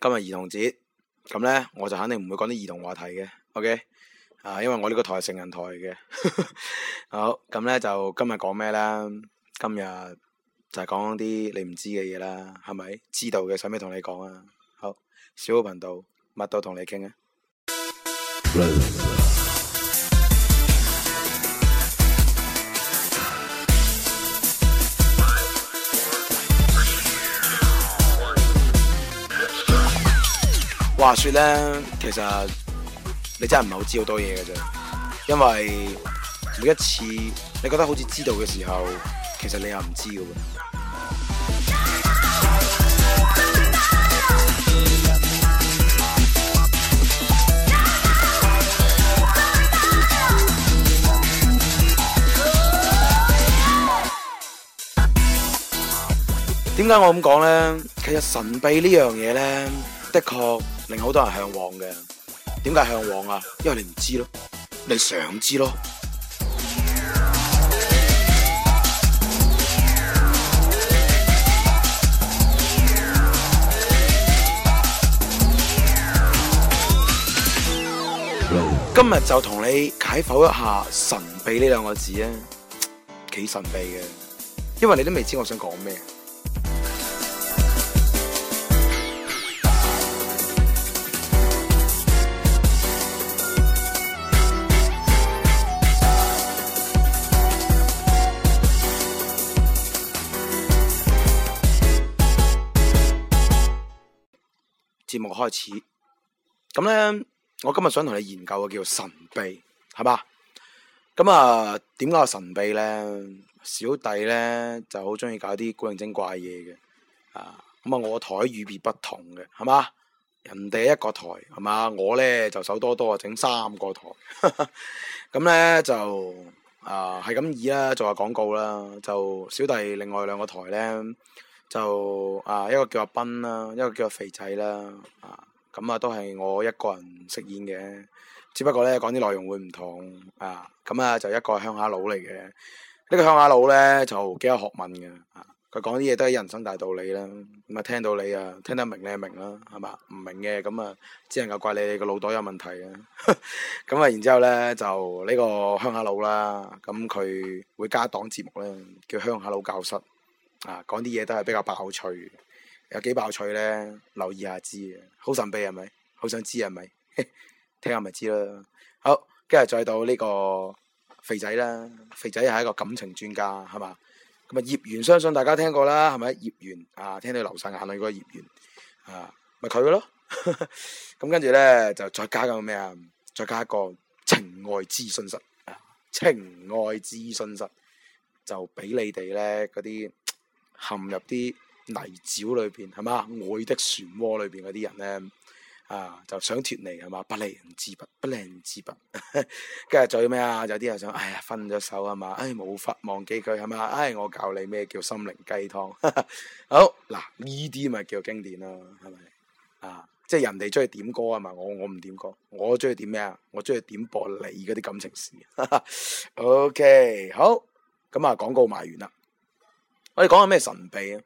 今日兒童節，咁呢，我就肯定唔會講啲兒童話題嘅，OK？啊，因為我呢個台係成人台嘅。好，咁呢就今日講咩呢？今日就係講啲你唔知嘅嘢啦，係咪？知道嘅使咩同你講啊？好，小號頻道乜都同你傾啊。 話說咧，其實你真係唔係好知好多嘢嘅啫，因為每一次你覺得好似知道嘅時候，其實你又唔知㗎喎。點解 我咁講咧？其實神秘呢樣嘢咧。的確令好多人嚮往嘅，點解嚮往啊？因為你唔知咯，你想知咯。今日就同你解剖一下神秘呢兩個字啊，幾神秘嘅，因為你都未知我想講咩。開始咁呢，我今日想同你研究嘅叫神秘，係嘛？咁啊，點解神秘呢？小弟呢就好中意搞啲古靈精怪嘢嘅啊！咁啊，我個台與別不同嘅，係嘛？人哋一個台，係嘛？我呢就手多多整三個台。咁 呢，就啊，係咁以啦，做下廣告啦。就小弟另外兩個台呢。就啊，一個叫阿斌啦，一個叫阿肥仔啦，啊，咁啊都係我一個人飾演嘅，只不過呢講啲內容會唔同，啊，咁啊就一個鄉下佬嚟嘅，呢個鄉下佬呢，就幾有學問嘅，佢講啲嘢都係人生大道理啦，咁啊聽到你啊聽得明你明啦，係嘛，唔明嘅咁啊，只能夠怪你個腦袋有問題啊，咁啊然之後呢就呢個鄉下佬啦，咁佢會加檔節目呢，叫鄉下佬教室。啊，講啲嘢都係比較爆脆，有幾爆脆咧？留意下知啊，好神秘係咪？好想知係咪？是是 聽下咪知啦。好，跟住再到呢個肥仔啦，肥仔係一個感情專家係嘛？咁啊，葉璇相信大家聽過啦，係咪？葉璇啊，聽到流晒眼淚嗰個葉璇啊，咪佢咯？咁跟住咧就再加個咩啊？再加一個情愛諮詢室啊，情愛諮詢室就俾你哋咧嗰啲陷入啲泥沼裏邊係嘛，愛的漩渦裏邊嗰啲人咧啊，就想脫離係嘛，不能自拔，不能自拔，跟住再咩啊？有啲人想，哎呀，分咗手係嘛，哎，冇法忘記佢係嘛，哎，我教你咩叫心靈雞湯。 好，嗱，呢啲咪叫經典咯，係咪啊？即係人哋中意點歌係嘛，我我唔點歌，我中意點咩啊？我中意點播你嗰啲感情事。 OK，好，咁啊，廣告埋完啦。我哋講下咩神秘啊？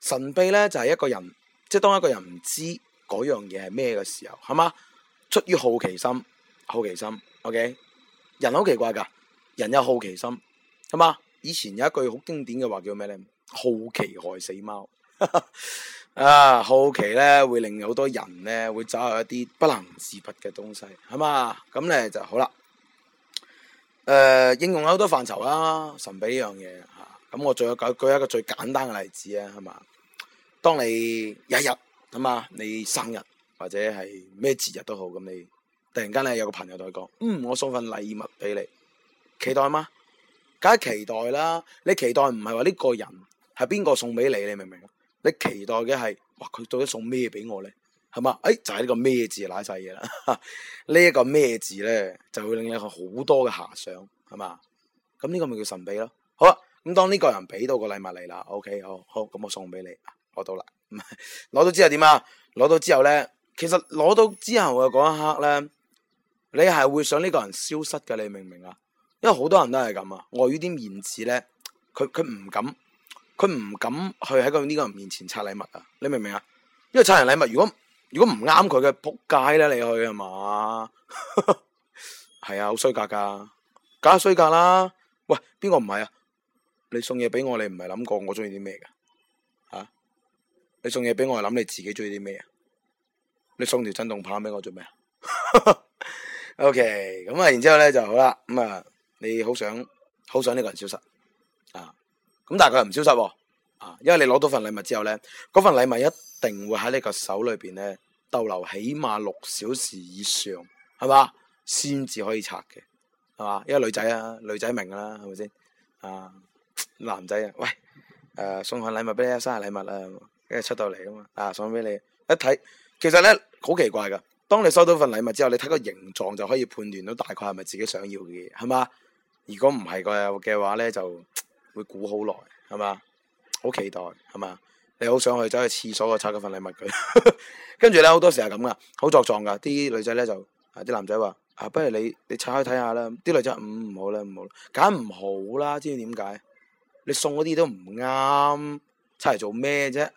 神秘咧就係一個人，即係當一個人唔知嗰樣嘢係咩嘅時候，係嘛？出於好奇心，好奇心，OK？人好奇怪噶，人有好奇心，係嘛？以前有一句好經典嘅話叫咩咧？好奇害死貓呵呵啊！好奇咧會令好多人咧會走入一啲不能自拔嘅東西，係嘛？咁咧就好啦。誒、呃，應用喺好多範疇啦，啊，神秘呢樣嘢。咁我再舉舉一個最簡單嘅例子啊，係嘛？當你一日咁啊，你生日或者係咩節日都好，咁你突然間咧有個朋友同你講，嗯，我送份禮物俾你，期待嘛？梗係期待啦！你期待唔係話呢個人係邊個送俾你，你明唔明？你期待嘅係，哇！佢到底送咩俾我咧？係嘛？誒、哎，就係、是這個 這個、呢個咩字瀨晒嘢啦！呢一個咩字咧，就會令你好多嘅遐想，係嘛？咁呢個咪叫神秘咯？好啊！咁當呢個人俾到個禮物你啦，OK，好好，咁我送俾你，攞到啦，攞 到之後點啊？攞到之後咧，其實攞到之後嘅嗰一刻咧，你係會想呢個人消失嘅，你明唔明啊？因為好多人都係咁啊，礙於啲面子咧，佢佢唔敢，佢唔敢去喺個呢個人面前拆禮物啊！你明唔明啊？因為拆人禮物，如果如果唔啱佢嘅，仆街咧你去呀嘛？係 啊，好衰格噶，梗係衰格啦。喂，邊個唔係啊？你送嘢俾我，你唔係諗過我中意啲咩噶？啊！你送嘢俾我係諗你自己中意啲咩啊？你送條震動棒俾我做咩啊？OK，咁啊，然之後咧就好啦。咁、嗯、啊，你好想好想呢個人消失啊？咁但係佢又唔消失喎啊，啊！因為你攞到份禮物之後咧，嗰份禮物一定會喺你個手裏邊咧逗留起碼六小時以上，係嘛？先至可以拆嘅，係嘛？因為女仔啊，女仔明噶啦，係咪先啊？男仔啊，喂，誒、呃，送份禮物俾你啊，生日禮物啊，跟住出到嚟，啊嘛，啊送俾你，一睇其實咧好奇怪噶。當你收到份禮物之後，你睇個形狀就可以判斷到大概係咪自己想要嘅嘢，係嘛？如果唔係嘅嘅話咧，就會估好耐，係嘛？好期待，係嘛？你好想去走去廁所 啊，拆嗰份禮物佢，跟住咧好多時係咁噶，好作狀噶，啲女仔咧就啲男仔話，啊不如你你拆開睇下啦，啲女仔嗯，唔好啦唔好，梗唔好啦，知唔知點解？你送嗰啲都唔啱，出嚟做咩啫？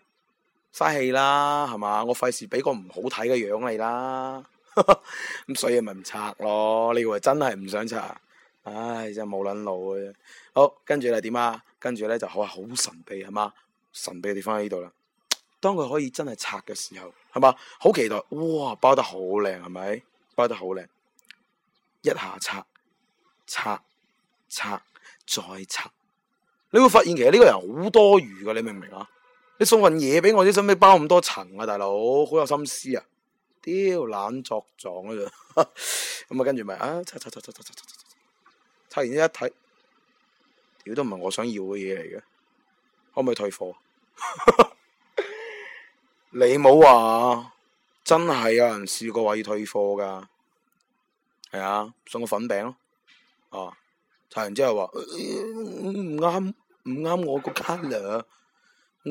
嘥氣啦，係嘛？我費事俾個唔好睇嘅樣你啦，咁所以咪唔拆咯？你以為真係唔想拆？唉，真係冇捻路嘅。好，跟住咧點啊？跟住咧就哇，好神秘係嘛？神秘嘅地方喺呢度啦。當佢可以真係拆嘅時候，係嘛？好期待，哇！包得好靚係咪？包得好靚，一下拆，拆，拆，拆，再拆。你會發現其實呢個人好多餘噶，你明唔明啊？你送份嘢俾我，點解包咁多層啊，大佬好有心思啊？刁懶作狀啊！ 咁啊，跟住咪啊拆拆拆拆拆拆拆拆拆，拆完之後一睇，屌都唔係我想要嘅嘢嚟嘅，可唔可以退貨？ 你冇話，真係有人試過話要退貨噶，係啊，送個粉餅咯，哦、啊，拆完之後話唔啱。呃嗯唔啱我個 colour，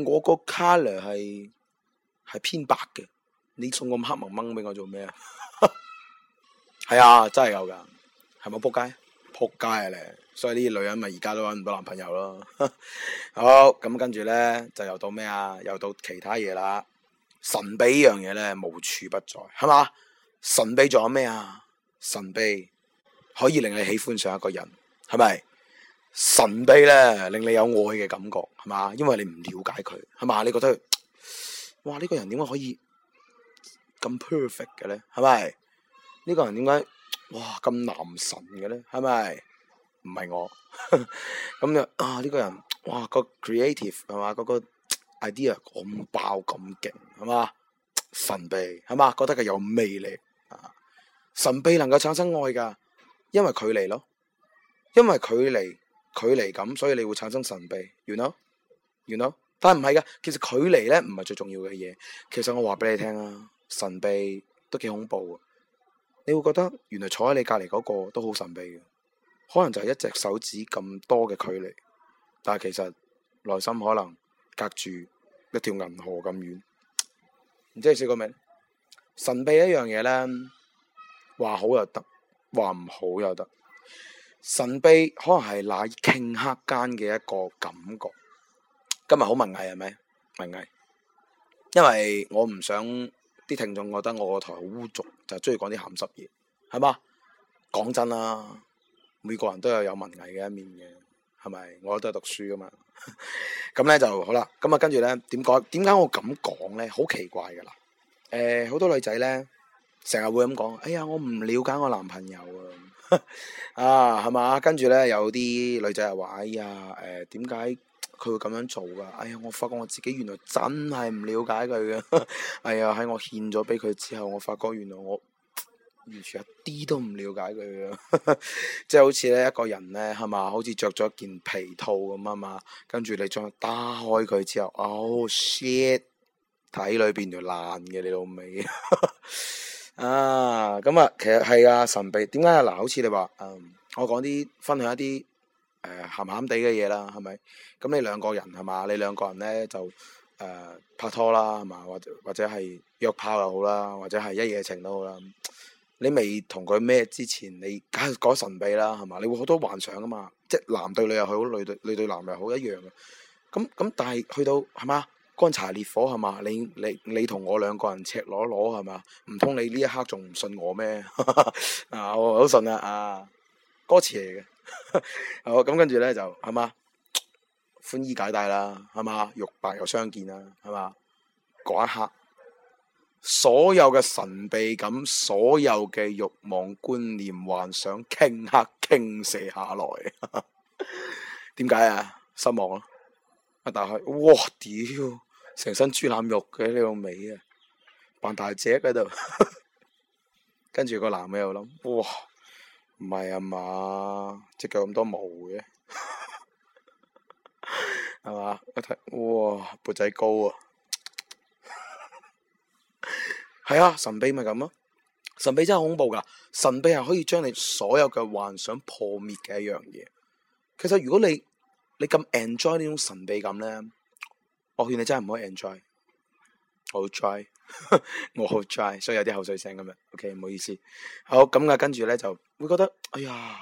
我個 colour 係係偏白嘅，你送咁黑蒙蒙俾我做咩啊？係 啊，真係有噶，係咪？撲街，撲街啊咧！所以呢啲女人咪而家都揾唔到男朋友咯。 好，咁跟住咧就又到咩啊？又到其他嘢啦。神秘呢樣嘢咧無處不在，係嘛？神秘仲有咩啊？神秘可以令你喜歡上一個人，係咪？神秘咧，令你有愛嘅感覺係嘛？因為你唔了解佢係嘛？你覺得哇呢個人點解可以咁 perfect 嘅咧？係咪呢個人點解哇咁男神嘅咧？係咪唔係我咁 啊？呢個人哇個 creative 係嘛？嗰個 idea 咁爆咁勁係嘛？神秘係嘛？覺得佢有魅力啊！神秘能夠產生愛噶，因為距離咯，因為距離。距離咁，所以你會產生神秘 you know?，You know，但係唔係噶，其實距離咧唔係最重要嘅嘢。其實我話俾你聽啊，神秘都幾恐怖啊。你會覺得原來坐喺你隔籬嗰個都好神秘嘅，可能就係一隻手指咁多嘅距離，但係其實內心可能隔住一條銀河咁遠。唔知你試過未？神秘一樣嘢咧，話好又得，話唔好又得。神秘可能係那頃刻間嘅一個感覺，今日好文藝係咪？文藝，因為我唔想啲聽眾覺得我個台好污濁，就係中意講啲鹹濕嘢，係嘛？講真啦，每個人都有有文藝嘅一面嘅，係咪？我都係讀書噶嘛，咁 咧、嗯、就好啦。咁啊，跟住咧點講？點解我咁講咧？好奇怪噶啦！誒、呃，好多女仔咧，成日會咁講，哎呀，我唔了解我男朋友啊。 啊，係嘛？跟住呢，有啲女仔又話：哎呀，誒、呃，點解佢會咁樣做噶？哎呀，我發覺我自己原來真係唔了解佢嘅。哎呀，喺我獻咗俾佢之後，我發覺原來我、呃、完全一啲都唔了解佢嘅。 即係好似呢一個人呢，係嘛，好似着咗件皮套咁啊嘛。跟住你再打開佢之後，Oh、哦、shit！睇裏邊條爛嘅你老味。 啊，咁啊，其實係啊神秘。點解啊？嗱，好似你話，嗯，我講啲分享一啲誒鹹鹹哋嘅嘢啦，係、呃、咪？咁你兩個人係嘛？你兩個人咧就誒、呃、拍拖啦，係嘛？或者或者係約炮又好啦，或者係一夜情都好啦。你未同佢咩之前，你梗係講神秘啦，係嘛？你會好多幻想㗎嘛？即係男對女又好，女對女對男又好，一樣嘅。咁咁但係去到係嘛？乾柴烈火係嘛，你你你同我兩個人赤裸裸係嘛，唔通你呢一刻仲唔信我咩、 啊啊？啊，我 好信啦啊！歌詞嚟嘅，好，咁跟住咧就係嘛，寬衣解帶啦，係嘛，玉白又相見啦，係嘛，嗰一刻所有嘅神秘感，所有嘅慾望、觀念、幻想頃刻傾瀉下來，點解啊？失望咯，一打開，哇屌！成身豬腩肉嘅呢個味啊，扮大隻喺度， 跟住個男嘅又諗，哇，唔係啊嘛，隻腳咁多毛嘅，係 嘛？一睇，哇，鉢仔糕啊，係 啊，神秘咪咁咯，神秘真係恐怖噶，神秘係可以將你所有嘅幻想破滅嘅一樣嘢。其實如果你你咁 enjoy 呢種神秘感咧，我勸你真係唔好 enjoy，我好 dry，我好 dry，所以有啲口水聲咁樣，OK，唔好意思。好咁啊，跟住咧就會覺得，哎呀，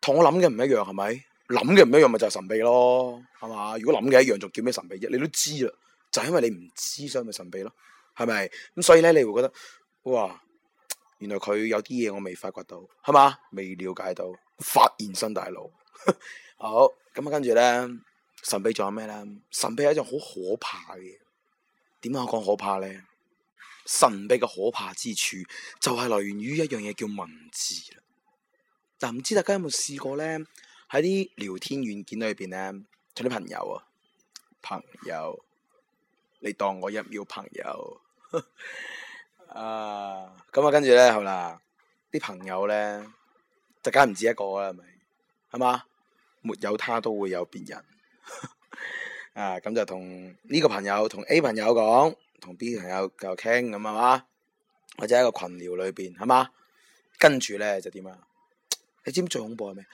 同我諗嘅唔一樣，係咪？諗嘅唔一樣，咪就係神秘咯，係嘛？如果諗嘅一樣，仲叫咩神秘啫？你都知啦，就係因為你唔知，所以咪神秘咯，係咪？咁所以咧，你會覺得，哇，原來佢有啲嘢我未發掘到，係嘛？未了解到，發現新大陸。好，咁啊，跟住咧。神秘仲有咩咧？神秘係一種好可怕嘅。點解我講可怕咧？神秘嘅可怕之處就係來源於一樣嘢叫文字啦。但唔知大家有冇試過咧？喺啲聊天軟件裏邊咧，同啲朋友啊，朋友，你當我一秒朋友啊！咁 啊，跟住咧好啦，啲朋友咧，大家唔止一個啦，係咪？係嘛，沒有他都會有別人。 啊，咁就同呢個朋友同 A 朋友講，同 B 朋友又傾，咁係嘛？或者喺個群聊裏邊係嘛？跟住呢，就點啊？你知唔知最恐怖係咩？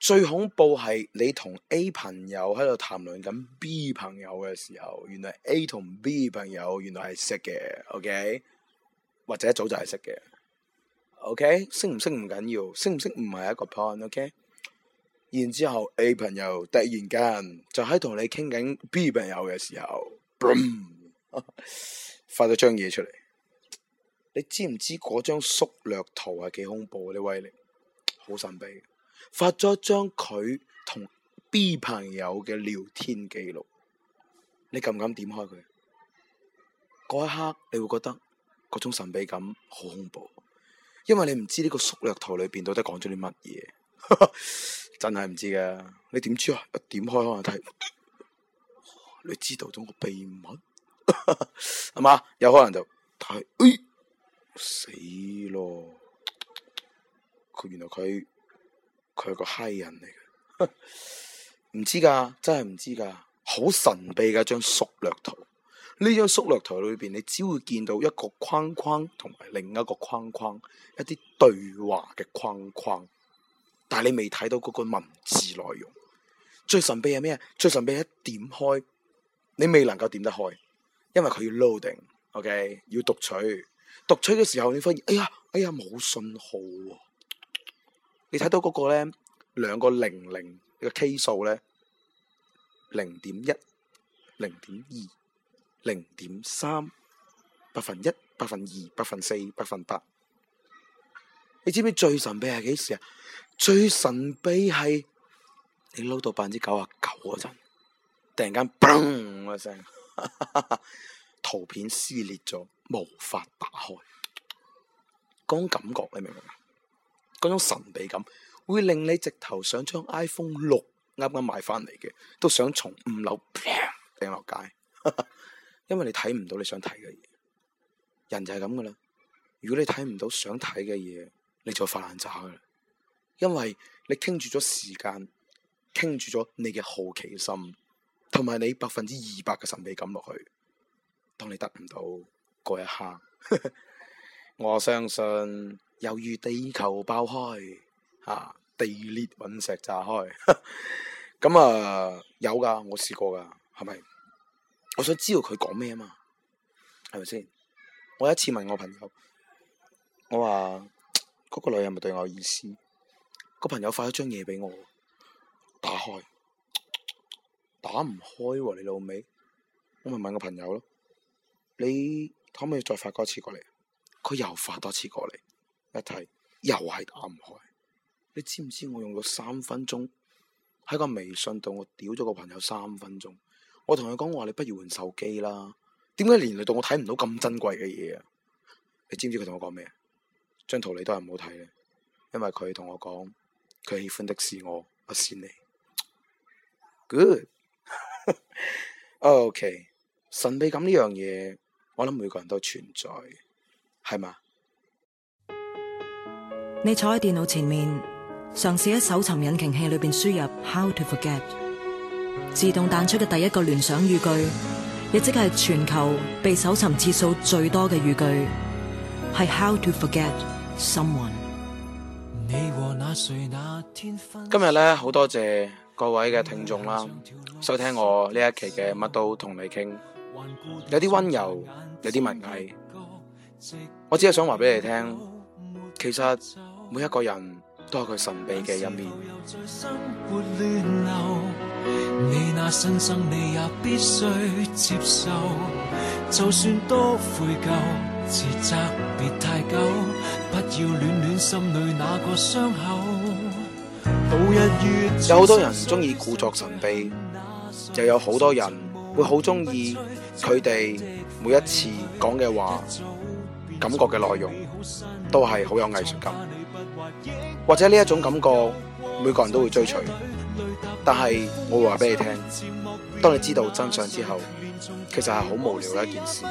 最恐怖係你同 A 朋友喺度談論緊 B 朋友嘅時候，原來 A 同 B 朋友原來係識嘅，OK？或者一早就係識嘅，OK？識唔識唔緊要，識唔識唔係一個 point，OK？然之後 A 朋友突然間就喺同你傾緊 B 朋友嘅時候，發咗張嘢出嚟。你知唔知嗰張縮略圖係幾恐怖啊？呢威力好神秘。發咗一張佢同 B 朋友嘅聊天記錄，你敢唔敢點開佢？嗰一刻你會覺得嗰種神秘感好恐怖，因為你唔知呢個縮略圖裏邊到底講咗啲乜嘢。 真係唔知噶，你點知啊？一點開可能睇，你知道咗個秘密，係 嘛？有可能就打開，哎，死咯！佢原來佢佢係個嗨人嚟嘅，唔知噶，真係唔知噶，好神秘嘅一張縮略圖。呢張縮略圖裏邊，你只會見到一個框框同埋另一個框框，一啲對話嘅框框。但係你未睇到嗰個文字內容，最神秘係咩？最神秘係一點開，你未能夠點得開，因為佢要 loading，OK，、okay? 要讀取，讀取嘅時候你發現，哎呀，哎呀，冇信號、啊，你睇到嗰個咧，兩個零零個 K 數咧，零點一、零點二、零點三、百分一、百分二、百分四、百分八，你知唔知最神秘係幾時啊？最神秘係你撈到百分之九啊，九嗰陣，突然間嘣一聲，圖片撕裂咗，無法打開。嗰種感覺你明唔明？嗰種神秘感會令你直頭想將 iPhone 六啱啱買翻嚟嘅，都想從五樓啪掟落街哈哈，因為你睇唔到你想睇嘅嘢。人就係咁噶啦，如果你睇唔到想睇嘅嘢，你就發爛渣噶啦。因為你傾住咗時間，傾住咗你嘅好奇心，同埋你百分之二百嘅神秘感落去，當你得唔到嗰一刻呵呵，我相信猶如地球爆開啊，地裂隕石炸開，咁啊有噶，我試過噶，係咪？我想知道佢講咩啊嘛，係咪先？我有一次問我朋友，我話嗰、個女人咪對我意思？個朋友發咗張嘢俾我，打開，打唔開喎、啊，你老味，我咪問個朋友咯。你可唔可以再發多次過嚟？佢又發多次過嚟，一睇又係打唔開。你知唔知我用咗三分鐘喺個微信度，我屌咗個朋友三分鐘。我同佢講，我話你不如換手機啦。點解連累到我睇唔到咁珍貴嘅嘢啊？你知唔知佢同我講咩？張圖你都係唔好睇咧，因為佢同我講。佢喜歡的是我，不是你。Good，OK ，okay。神秘感呢樣嘢，我諗每個人都存在，係嘛？你坐喺電腦前面，嘗試喺搜尋引擎器裏邊輸入 how to forget，自動彈出嘅第一個聯想語句，亦即係全球被搜尋次數最多嘅語句，係 how to forget someone。今日咧，好多謝各位嘅聽眾啦，收聽我呢一期嘅乜都同你傾，有啲溫柔，有啲文藝，我只係想話俾你聽，其實每一個人都有佢神秘嘅一面。嗯自責別太久，不要戀戀心裏那個傷口。有好多人中意故作神秘，又有好多人會好中意佢哋每一次講嘅話，感覺嘅內容都係好有藝術感，或者呢一種感覺，每個人都會追隨。但係我會話俾你聽，當你知道真相之後，其實係好無聊嘅一件事，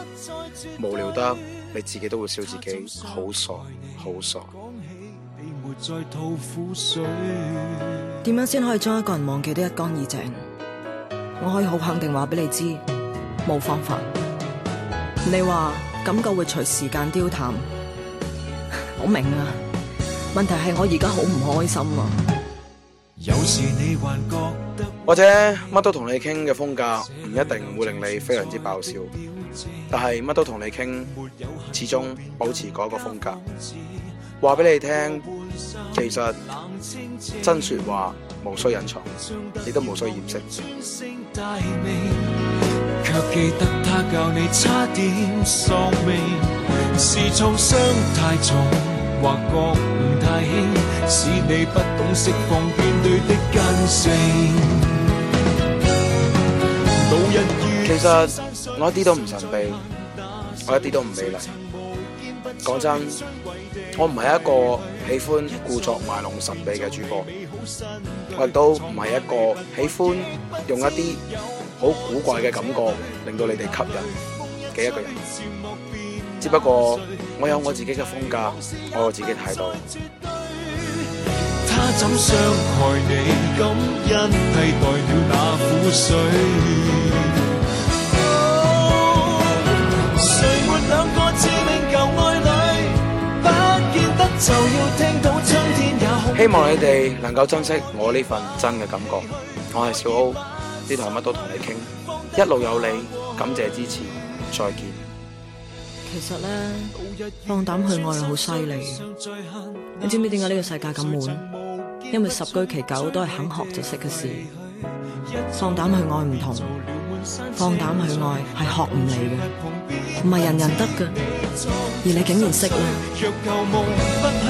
無聊得～你自己都會笑自己好傻，好傻。點樣先可以將一個人忘記得一乾二淨？我可以好肯定話俾你知，冇方法。你話感覺會隨時間凋淡，我明啊。問題係我而家好唔開心啊。有時你覺得或者乜都同你傾嘅風格，唔一定會令你非常之爆笑。但係乜都同你傾，始終保持嗰個風格。話俾你聽，其實真說話，無需隱藏，你都無需掩飾。 其實我一啲都唔神秘，我一啲都唔美麗。講真，我唔係一個喜歡故作賣弄神秘嘅主播，我亦都唔係一個喜歡用一啲好古怪嘅感覺令到你哋吸引嘅一個人。只不過我有我自己嘅風格，我有自己態度。希望你哋能夠珍惜我呢份真嘅感覺。我係小歐，呢台乜都同你傾，一路有你，感謝支持，再見。其實呢，放膽去愛係好犀利。你知唔知點解呢個世界咁悶？因為十居其九都係肯學就識嘅事。放膽去愛唔同，放膽去愛係學唔嚟嘅，唔係人人得嘅，而你竟然識啦。